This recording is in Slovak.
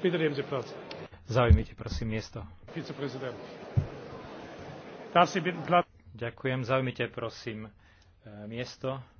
Bitte si prácu. Zaujmite prosím miesto. Ďakujem, zaujmite prosím e, miesto.